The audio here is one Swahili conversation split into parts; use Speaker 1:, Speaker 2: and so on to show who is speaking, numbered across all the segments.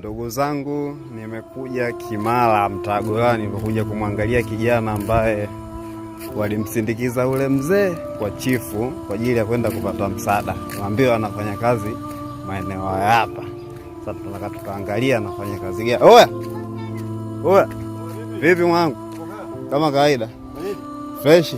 Speaker 1: Ndugu zangu, nimekuja Kimara Mtagolani, nimekuja kumwangalia kijana ambaye walimsindikiza ule mzee kwa chifu kwa ajili ya kwenda kupata msaada. Mwambie anafanya kazi maeneo haya hapa. Sasa tunataka tukaangalia anafanya kazi gani. Oya, oya, vipi mwangu? Kama kawaida freshi,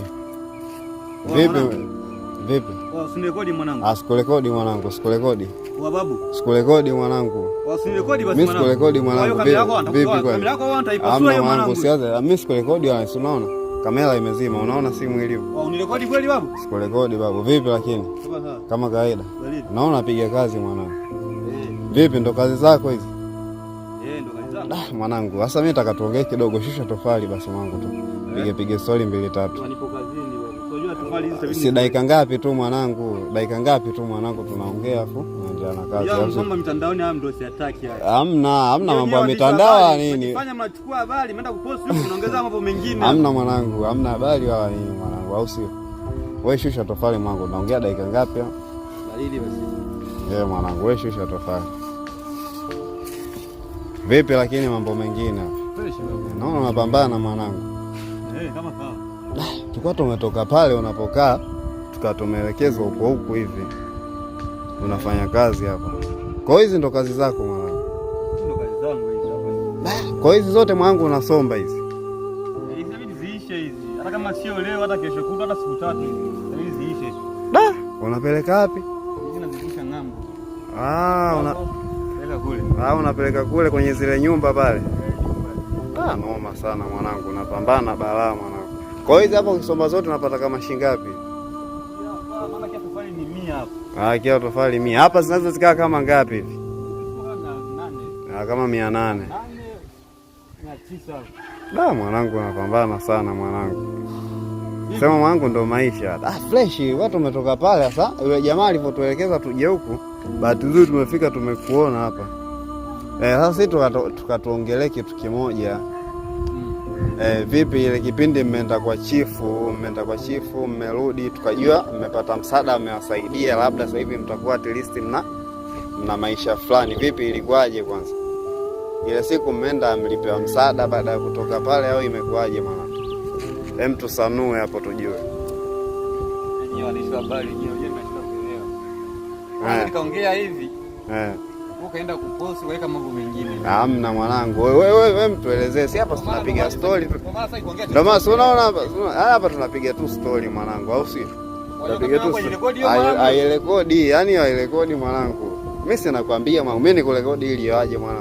Speaker 1: vipi? Vipi?
Speaker 2: Usinirekodi mwanangu.
Speaker 1: Ah, sikurekodi mwanangu, sikurekodi. Wa babu? Sikurekodi mwanangu.
Speaker 2: Usinirekodi basi
Speaker 1: mwanangu. Mimi sikurekodi mwanangu. Kamera Vipi
Speaker 2: kwani? Kamera yako wewe utaipasua
Speaker 1: hiyo mwanangu. Siaza, ah, mimi sikurekodi wala ah, unaona? Kamera imezima, unaona simu ilivyo.
Speaker 2: Wa unirekodi kweli babu?
Speaker 1: Sikurekodi babu. Vipi lakini? Kama kawaida. Naona piga kazi mwanangu. Eh. Vipi ndo kazi zako hizi?
Speaker 2: Eh, ndo kazi zangu.
Speaker 1: Ah, mwanangu, sasa mimi nataka tuongee kidogo, shusha tofali basi mwanangu tu. Eh. Pige pige swali mbili tatu. Nipo kazi si dakika ngapi tu mwanangu, dakika ngapi tu mwanangu, tunaongea afu naendelea na kazi. Hamna hamna mambo ya mitandao nini, hamna mwanangu, hamna habari wala nini mwanangu, au sio? Wewe shusha tofali mwangu, naongea dakika ngapi? Yeah, mwanangu wewe shusha tofali. Vipi lakini mambo mengine naona unapambana mwanangu. Hey, eh, kama kawa tukawa tumetoka pale unapokaa tukawa tumeelekezwa huko huko hivi, unafanya kazi hapa. Kwa hizi ndo kazi zako mwanangu?
Speaker 2: Ndo kazi zangu hizo.
Speaker 1: Kwa hizi zote mwanangu unasomba hizi?
Speaker 2: Eh, Inabidi ziishe hizi, hata kama sio leo, hata kesho kutwa, hata siku tatu hizi ziishe.
Speaker 1: Da, unapeleka wapi?
Speaker 2: Hizi nazikisha ng'ambo.
Speaker 1: Ah, una peleka kule. Ah, unapeleka kule kwenye zile nyumba pale. Eh, ah, noma sana mwanangu, unapambana balaa mwanangu. Kwa hiyo hizi hapa ukisoma zote unapata kama shilingi ngapi? Ah, kila tofali mia hapa zinaweza zikaa kama ngapi hivi? Ah, kama mia nane. Da, mwanangu anapambana sana mwanangu, sema mwanangu, ndo maisha. Ah, fresh watu umetoka pale. Sasa yule jamaa alivyotuelekeza tuje huku, bahati nzuri tumefika, tumekuona hapa. Eh, sasa sisi tukatuongelea kitu kimoja E, vipi ile kipindi mmeenda kwa chifu, mmeenda kwa chifu, mmerudi, tukajua mmepata msaada, mmewasaidia, labda sasa hivi mtakuwa at least mna mna maisha fulani. Vipi, ilikuwaje? Kwanza ile siku mmeenda, mlipewa msaada baada ya kutoka pale, au imekuwaje? Mwanangu, hem, tusanue hapo tujue.
Speaker 2: Eh. Nikaongea hivi eh ukaenda kuposti weka mambo mengine.
Speaker 1: Hamna mwanangu, wewe wewe mtuelezee, si hapa tunapiga story tu. Ndio maana unaona hapa hapa tunapiga tu story mwanangu, au si Tunapiga tu ai rekodi, yani ai rekodi mwanangu. Mimi sinakwambia mwanangu, mimi nikurekodi ili waje mwanangu.